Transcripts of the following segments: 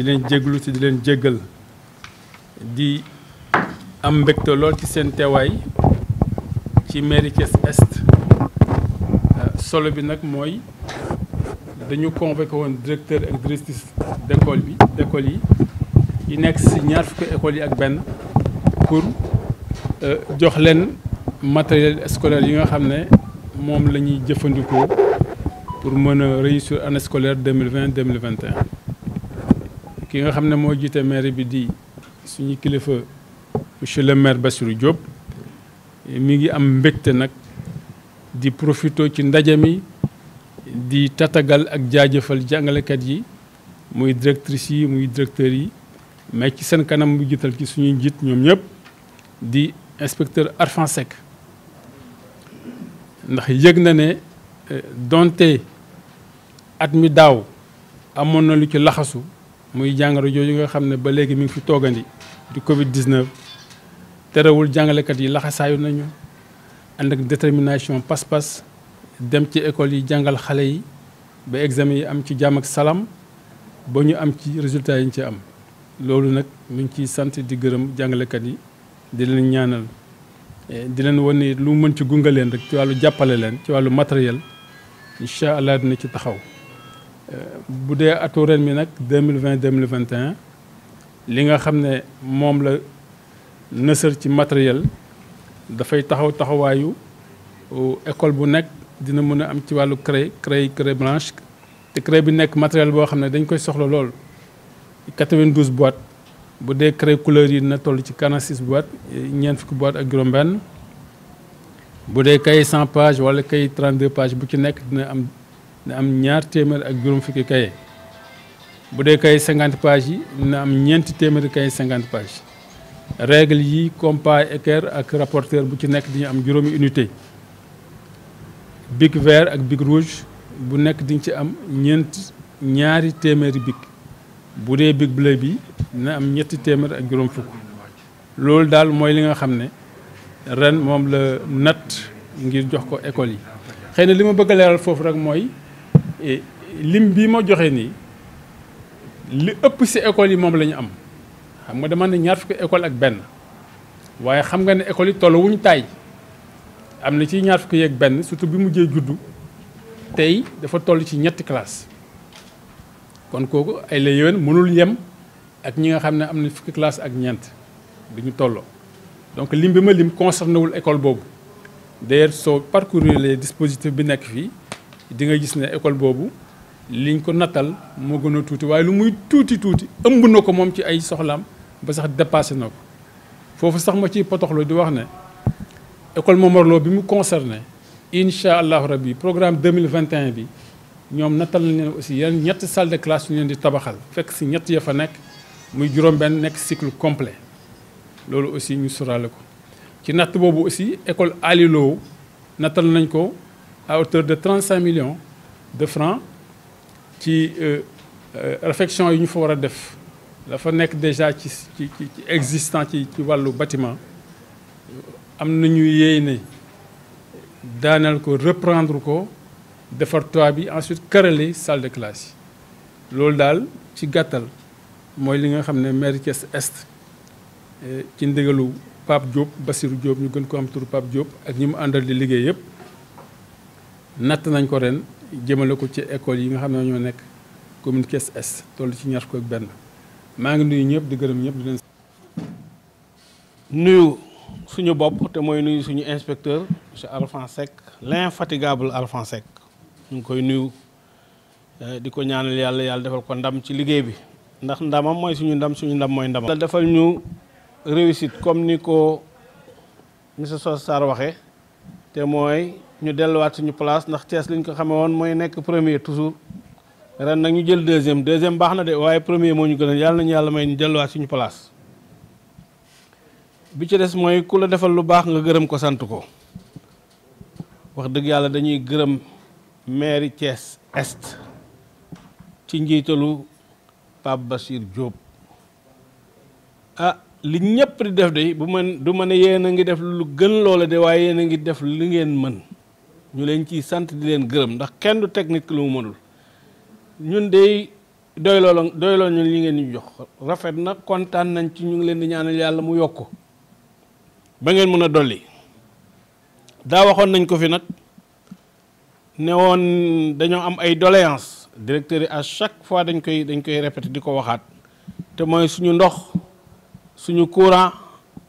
di leen jéglu si di leen jéggal di am mbégte lool ci seen teewaay ci mairie Est euh, solo bi nag mooy dañu convoqué woon directeur ak directrice d' école bi d' école yi yi nekk si ñaar fukki école yi ak benn pour euh, jox leen matériel scolaire yi nga xam ne moom la ñuy jëfandikoo pour mën a réussir année scolaire 2020-2021. ki nga xam ne moo jiite maire bi di suñu kilifa monsieur le maire Bassirou Diop mi ngi am mbégte nag di profito ci ndaje mi di tatagal ak jaajëfal jàngalekat yi muy directrice yi muy directeurs yi mais ci seen kanam mu jiital ci suñuy jiit ñoom ñëpp di inspecteur Arfan ndax yëg na ne euh, donte at mi daaw amoon na lu ci laxasu muy jàngoro jooju nga xam ne ba léegi mu ngi fi toogandi di Covid 19 terewul jàngalekat yi laxasaayu nañu ànd ak détermination pas-pas dem ci école yi jàngal xale yi ba examen yi am ci jàmm ak salaam ba ñu am ci résultat yi ñu ci am loolu nag mu ngi ciy sant di gërëm jàngalekat yi di leen ñaanal eh, di leen wan ni lu mën ci gunga leen rek ci wàllu jàppale leen ci wàllu matériel incha allah dina ci taxaw. bu dee atu ren mi nag 2020-2021 li nga xam ne moom la nësër ci matériel dafay taxaw taxawaayu euh, école bu nekk dina mën a am ci wàllu cré cré cré blanche te cré bi nekk matériel boo xam ne dañ koy soxla lool 92 boîtes bu dee craie couleur yi na toll ci 46 boîtes ñeent fukki boîte ak juróom-benn bu dee kay 100 pages wala kay 32 pages bu ci nekk dina am. na am ñaar téeméer ak juróom fukki kaye bu dee kay cinquante pages yi na am ñeenti téeméeri kay cinquante pages règle yi compas équerre ak rapporteur bu ci nekk di am juróomi unité bic ak bic rouge bu nekk di ci am ñeent ñaari téeméeri bic bu dee bic bleu bi na am ñetti téeméer ak juróom fukk loolu daal mooy li nga xam ne ren moom la natt ngir jox ko école yi xëy li ma bëgg leeral foofu rek mooy lim bii ma joxé ni li ëpp ci école yi mom lañu ñu am xam nga dama né ñaar fukki école ak ben waaye xam nga né école yi tollu wuñu tay am na ci ñaar fukki yeeg ben surtout bi mu mujjee juddu tay dafa tollu ci ñett classe kon koku ay lay yéwén mënul yem ak ñi nga xam ne am na fukki classe ak ñent du tollo donc lim bi ma lim concerné wul école boobu d'ailleurs soo parcourir les dispositifs bi nekk fii di nga gis ne école boobu liñ ko nattal moo gën a tuuti waaye lu muy tuuti tuuti ëmb na ko moom ci ay soxlaam ba sax dépassé na ko foofu sax ma ci potoxlo di wax ne école Momar bi mu concerné incha allahu rabbi programme 2021 bi ñoom nattal nañ leen aussi yeneen ñetti salle de classe ñu leen di tabaxal fekk si ñett ya fa nekk muy juróom-benn nekk cycle complet loolu aussi ñu sóoraale ko ci natt boobu aussi école alilo Lo nattal nañ ko à hauteur de 35 millions de francs ci euh, euh, réfection yi ñu fa war def dafa nekk déjà ci ci ci existant ci ci wàllu bâtiment am nañu yéene daaneel ko reprendre ko defar toit bi ensuite carreler salle de classe yi loolu daal ci gàttal mooy li nga xam ne mairie Thiès Est euh, ci ndigalu Pape Diop Bassirou Diop ñu gën ko am turu Pape Diop ak ñi mu àndal di liggéey natt nañ ko ren jëmale ko ci école yi nga xam ne ñoo nekk commune Thiès toll ci ñaar fukk benn maa ngi nuyu ñëpp di gërëm ñëpp di leen nuyu suñu bopp te mooy nuyu suñu inspecteur monsieur Alphand Seck l'infatigable Alphand Seck ñu ngi koy nuyu eh, di ko ñaanal yàlla yàlla defal ko ndam ci liggéey bi ndax ndamam mooy suñu ndam suñu ndam mooy ndamam. yàlla defal ñu réussite comme ni ko monsieur Sos Sarr waxee te mooy. ñu delluwaat suñu place ndax Thiès liñ ko xamee woon mooy nekk premier toujours ren nag ñu jël deuxième deuxième baax na de waaye premier moo ñu gën a yàlla nañu yàlla may ñu delluwaat suñu place. bi ci des mooy ku la defal lu baax nga gërëm ko sant ko wax dëgg yàlla dañuy gërëm mairie Thiès Est ci njiitalu Pape Bassir jóob ah. li ñëpp di def de bu man du ma ne yéen a ngi def lu gën loola de waaye yéen a ngi def li ngeen mën ñu leen ciy sant di leen gërëm ndax kenn du teg lu mu mënul ñun day doy loolu doy loolu ñun li ngeen ñu jox rafet na kontaan nañ ci ñu ngi leen di ñaanal yàlla mu yokk ba ngeen mën a dolli daa waxoon nañ ko fi nag ne woon dañoo am ay doléance directeur yi à chaque fois dañ koy dañ koy répété di ko waxaat te mooy suñu ndox suñu courant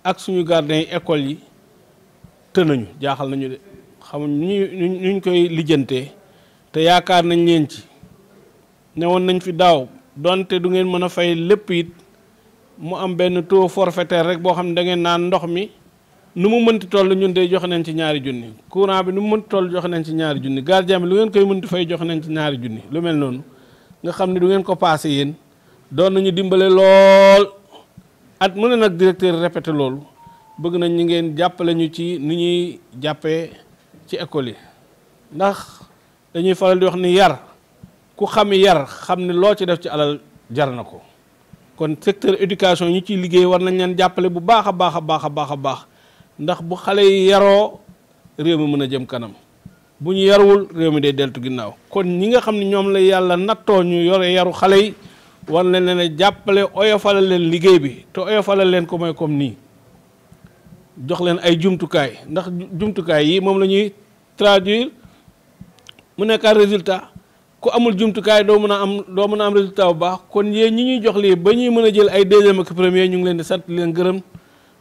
ak suñu gardien yi école yi të nañu jaaxal nañu de xamuñ ñu nuñ koy lijjantee te yaakaar nañ leen ci newoon nañ fi daaw donte du ngeen mën a fay lépp it mu am benn taux forfaitaire rek boo xam ne da ngeen naan ndox mi nu mu mënti toll ñun de jox nañ ci ñaari junni courant bi nu mu mënti toll joxe nañ ci ñaari junni gardien bi lu ngeen koy mënti fay joxe nañ ci ñaari junni lu mel noonu nga xam ne du ngeen ko paase yéen doon nañu dimbale lool at mu ne nag directeur répété loolu bëgg nañ ñu ngeen jàppale ci ni ñuy jàppee. ci école yi ndax dañuy faral di wax ni yar ku xam yar xam ne loo ci def ci alal jar na ko kon secteur éducation ñi ciy liggéey war nañ leen jàppale bu baax a baax a baax a baax a baax ndax bu xale yi yaroo réew mi mën a jëm kanam bu ñu yarwul réew mi day deltu ginnaaw kon ñi nga xam ne ñoom la yàlla nattoo ñu yore yaru xale yi war nañ leen a jàppale oyofalal leen liggéey bi te oyofalal leen ko mooy kom nii jox leen ay jumtukaay ndax jumtukaay yi moom traduire mu nekk résultat ku amul jumtukaay doo mën a am doo mën a am résultat bu baax kon yéen ñi ñuy jox lii ba ñuy mën a jël ay deuxième ak premier ñu ngi leen di sant leen gërëm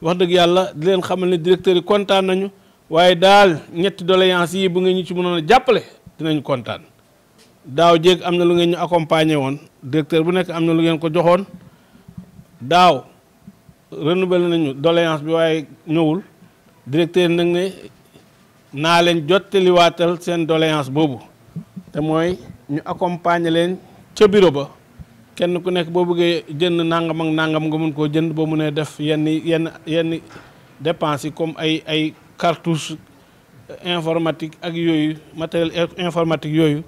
wax dëgg yàlla di leen xamal ne directeur yi kontaan nañu waaye daal ñetti doléance yi bu ngeen ñu ci mënoon jàppale dinañ kontaan daaw jéeg am na lu ngeen ñu accompagner woon directeur bu nekk am na lu ngeen ko joxoon daaw renouvelé nañu doléance bi waaye ñëwul directeur naa leen jottaliwaatal seen doléance boobu te mooy ñu accompagner leen ca bureau ba kenn ku nekk boo bëggee jënd nangam ak nangam nga mun koo jënd boo mun a def yenn yenn yenn dépenses yi comme ay ay cartouche informatique ak yooyu matériel informatique yooyu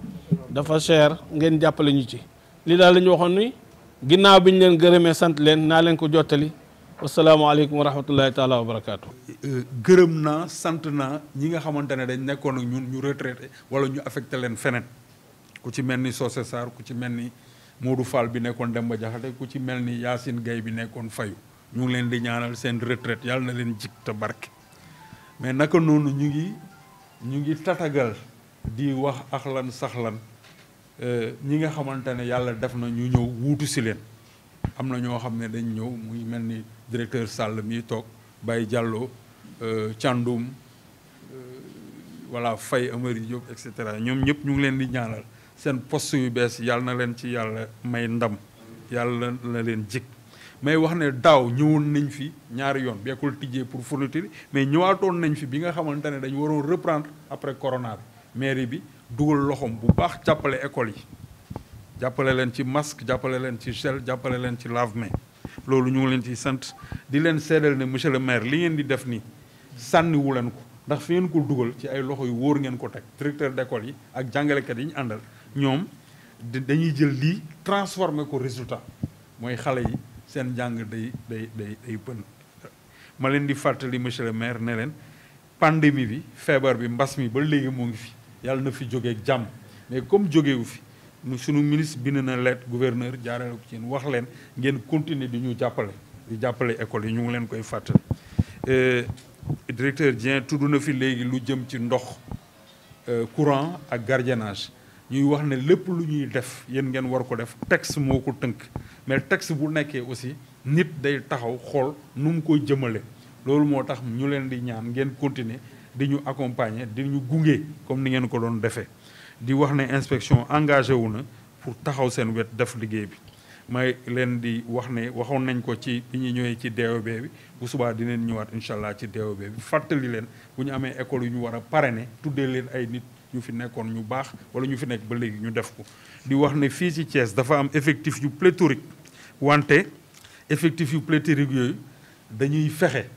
dafa cher ngeen jàppale ñu ci. li daal la ñu waxoon ni ginnaaw bi ñu leen gërëmee sant leen naa leen ko jottali. asalaamaaleykum wa rahmatullahi taala wa barakaatu. gërëm naa sant naa ñi nga xamante ne dañ nekkoon ak ñu retraité wala ñu affecté leen feneen ku ci mel ni soose saar ku ci mel ni Modou Fall bi nekkoon dem ba Jaxate ku ci mel ni Yacine Gaye bi nekkoon Fayu ñu ngi leen di ñaanal seen retraite yàlla na leen jik te barke mais naka noonu ñu ngi ñu ngi tatagal di wax axlan saxlan euh, ñi nga xamante ne yàlla def na ñu ñëw wuutu si leen am na ñoo xam ne dañ ñëw muy mel ni directeur Sall mi toog Baye Diallo euh, Thiandoum euh, voilà fay Amary Diop et cetera ñoom ñëpp ñu ngi leen di ñaanal seen poste yu bees yàlla na leen ci yàlla may ndam yàlla na leen jik mais wax ne daaw ñëwoon nañ fi ñaari yoon beekul tijjee pour fourniture mais ñëwaatoon nañ fi bi nga xamante ne dañu waroon reprendre après corona bi mairie bi dugal loxoom bu baax jàppale école yi jàppale leen ci masque jàppale leen ci gel jàppale leen ci lave loolu ñu leen ciy sant di leen seedal ne monsieur le maire li ngeen di def ni sànniwu leen ko ndax fi ngeen ko dugal ci ay loxo yu wóor ngeen ko teg directeur d'école yi ak jàngalekat yi ñu àndal ñoom dañuy jël lii transformer ko résultat mooy xale yi seen jàng day day day day bën ma leen di fàttali monsieur le maire ne leen pandémie bi feebar bi mbas mi ba léegi moo ngi fi yàlla na fi jógeeg jàmm mais comme jógewu fi mu sunu ministre bind na lettre gouverneur jaarale ko ci wax leen ngeen continuer di ñu jàppale di jàppale école yi ñu ngi leen koy fàttali. Euh, directeur Dieng tudd na fi léegi lu jëm ci ndox euh, courant ak gardiennage ñuy wax ne lépp lu ñuy def yéen ngeen war ko def texte moo ko tënk mais texte bu nekkee aussi nit day taxaw xool nu mu ko jëmale loolu moo tax ñu leen di ñaan ngeen continuer di ñu accompagner di ñu gunge comme ni ngeen ko doon defee. di wax ne inspection engagé wu na pour taxaw sen wet def liguey bi may len di wax ne waxoon nañ ko ci bi ñuy ci DOB bi bu subaa dinañ ñëwaat inshallah ci DOB bi fàttali len bu ñu amee école yu ñu wara parrainer tuddee len ay nit ñu fi nekkoon ñu bax wala ñu fi nekk ba légui ñu def ko. di wax ne fii ci Thiès dafa am effectif yu pléthorique wanté effectif yu pléthorique yoyu dañuy fexé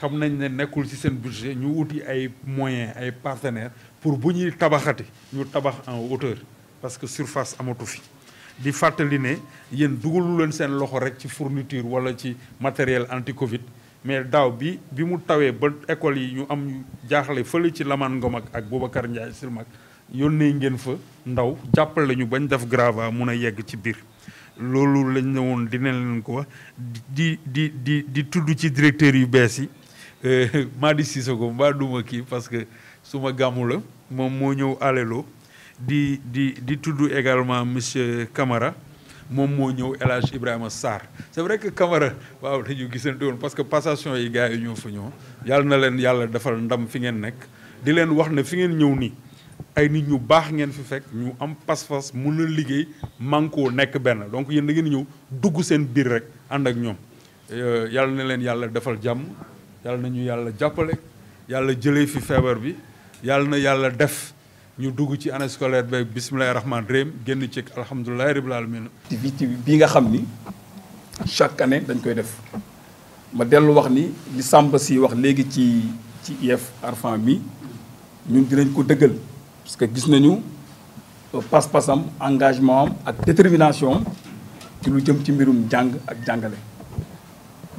xam nañ ne nekkul ci seen budget ñu wuti ay moyens ay partenaires pour bu ñuy tabaxati ñu tabax en hauteur parce que surface amatu fi di fàttali ne yéen dugalu leen seen loxo rek ci fourniture wala ci matériel anti Covid mais daaw bi bi mu tawee ba école yi ñu am jaaxle fële ci Lamane Ngom ak ak Boubacar Ndiaye Silmak yónnee ngeen fa ndaw jàppale ñu bañ def grava mun a yegg ci biir. loolu lañ ne woon dina leen ko di di di di tudd ci directeur yu bees yi. Eh, maa di Cissokho mbaa duma kii parce que suma gàmmu la moom moo ñëw alelo di di di tudd également monsieur kamara moom moo ñëw El Hadj Ibrahima Sarr c'est vrai que Camara waaw ñu gisante woon parce que passation yi gars yi ñoo fa ñoo yàlla na leen yàlla defal ndam fi ngeen nekk di leen wax ne fi ngeen ñëw nii ay nit ñu baax ngeen fi fekk ñu am pas-pas mën a liggéey mànkoo nekk benn donc yéen da ngeen ñëw dugg seen biir rek ànd ak ñoom eh, yàlla na leen yàlla defal jàmm yàlla na ñu yàlla jàppale yàlla jëlee fi feebar bi yàlla na yàlla def ñu dugg ci année scolaire ba bisimilah rahmaani rahim génn ci alhamdulilah rabil alamin activité bi nga xam ni chaque année dañ koy def ma dellu wax ni li Samba si wax léegi ci ci IEF arfan bi ñu dinañ ko dëggal parce que gis nañu euh, pas-pasam engagement am ak détermination ci lu jëm ci mbirum jàng ak jàngale.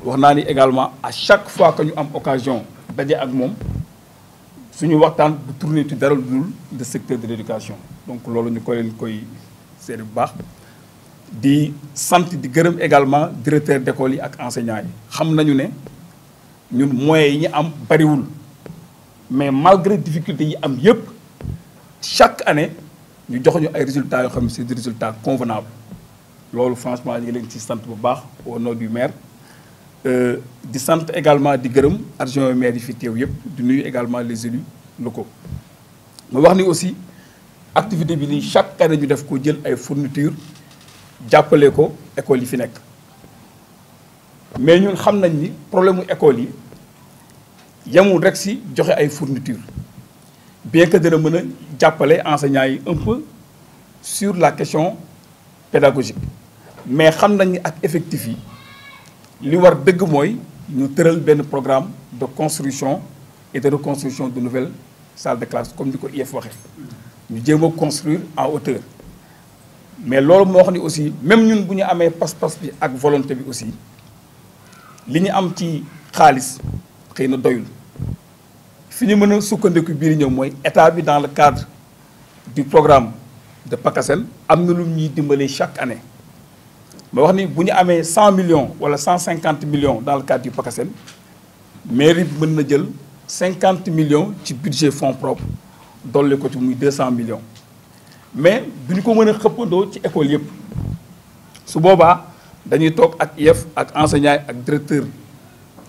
Nous avons également à chaque fois que nous avons occasion de ak nous suñu nous avons tourner ci dara secteur de l'éducation donc nous ñu que koy seede bu baax di sant di également directeur d'école yi ak enseignants Nous xam nañu ne ñun moyens yi ñu am mais malgré difficultés yi am chaque année nous jox des résultats convenables loolu franchement ñu ngi leen ci bu baax au nom du maire euh, di centres également di argent et maire yi fi également les élus locaux Nous avons aussi activité de chaque année ñu def ko fourniture d'appeler ko école yi mais nous savons un ni problème l'école. école yi a rek si joxe ay fourniture bien que nous avons appelé un peu sur la question pédagogique mais nous avons ni effectif li war deug moy ñu tëral ben programme de construction et de reconstruction de nouvelles salles de classe comme diko IF waxe Nous ñu construire en hauteur mais loolu mo aussi même ñun buñu amé pas-pas bi ak volonté bi aussi li ñu am ci nous xeyna doyul fi ñu Nous sukkandeku sukkandiku biir ñëw état bi dans le cadre du programme de Pakassel amna lu ñuy dimbalé chaque année mais si nous avons 100 millions ou 150 millions dans le cadre du PACASEN, la mairie 50 millions de budget fonds propres, dont le de 200 millions. Mais si nous avons répondu à l'école, ce moment-là, nous avons parlé avec les enseignants et les directeurs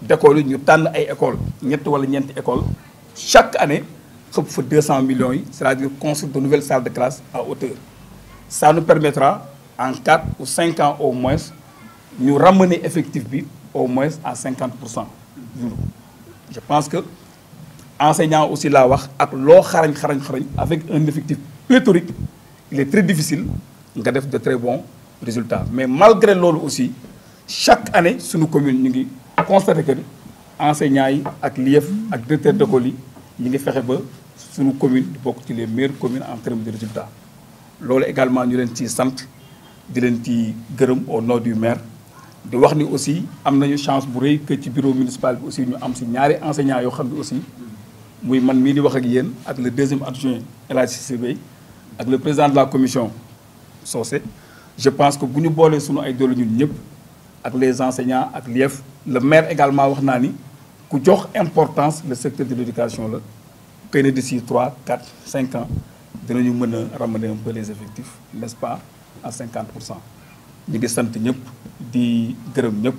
d'école, nous avons parlé école, école. Chaque année, nous avons 200 millions, c'est-à-dire construire de nouvelles salles de classe à hauteur. Ça nous permettra en 4 ou 5 ans au moins, nous ramener effectif au moins à 50%. Je pense que enseignants aussi là, avec un effectif pléthorique, il est très difficile de faire de très bons résultats. Mais malgré l'eau aussi, chaque année, sur nos communes, nous constatons que les enseignants, avec l'IF, avec deux directeur de colis, nous faisons sur nos communes, les meilleures communes en termes de résultats. L'eau également, nous sommes dilenti leen au nom du maire De wax ni aussi am nañu chance bu reuy que ci bureau municipal bi aussi ñu am ci ñaari enseignants yo xamni aussi muy man mii di wax ak yeen ak le deuxième adjoint El Hadj Cissé ak le président de la commission Socé je pense que nous bolé suñu ay ñun ñëpp ak les enseignants ak l'IEF le maire également wax naa ku jox importance le secteur de l'éducation la xëy d'ici 3 4 5 ans dinañu mën ramener un peu les effectifs n'est-ce pas à cinquante pour cent ñu ngi sant ñëpp di gërëm ñëpp